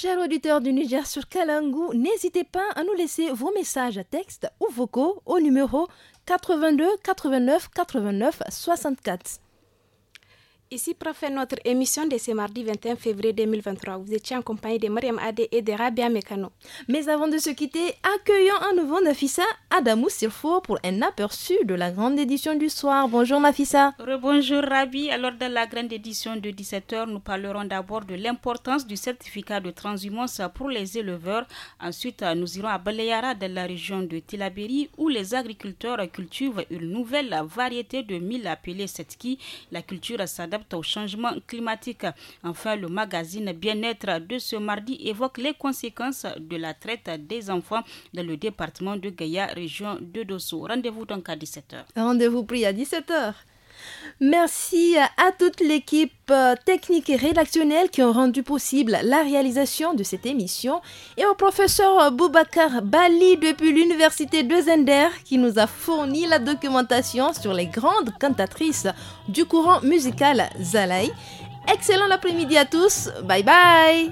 Chers auditeurs du Niger sur Kalangu, n'hésitez pas à nous laisser vos messages à texte ou vocaux au numéro 82 89 89 64. Ici, préfère notre émission de ce mardi 21 février 2023, vous étiez en compagnie de Mariam Adé et de Rabia Mekano. Mais avant de se quitter, accueillons à nouveau Nafissa Adamou Sirfo pour un aperçu de la grande édition du soir. Bonjour Nafissa. Bonjour Rabi. Alors, dans la grande édition de 17h, nous parlerons d'abord de l'importance du certificat de transhumance pour les éleveurs. Ensuite, nous irons à Baleyara, dans la région de Tilaberi, où les agriculteurs cultivent une nouvelle variété de mille appelée Setki. La culture s'adapte au changement climatique. Enfin, le magazine Bien-être de ce mardi évoque les conséquences de la traite des enfants dans le département de Gaïa, région de Dosso. Rendez-vous donc à 17h. Rendez-vous pris à 17h. Merci à toute l'équipe euh, technique et rédactionnelle qui ont rendu possible la réalisation de cette émission et au professeur euh, Boubacar Bali depuis l'université de Zender qui nous a fourni la documentation sur les grandes cantatrices du courant musical Zalaï. Excellent après-midi à tous, bye bye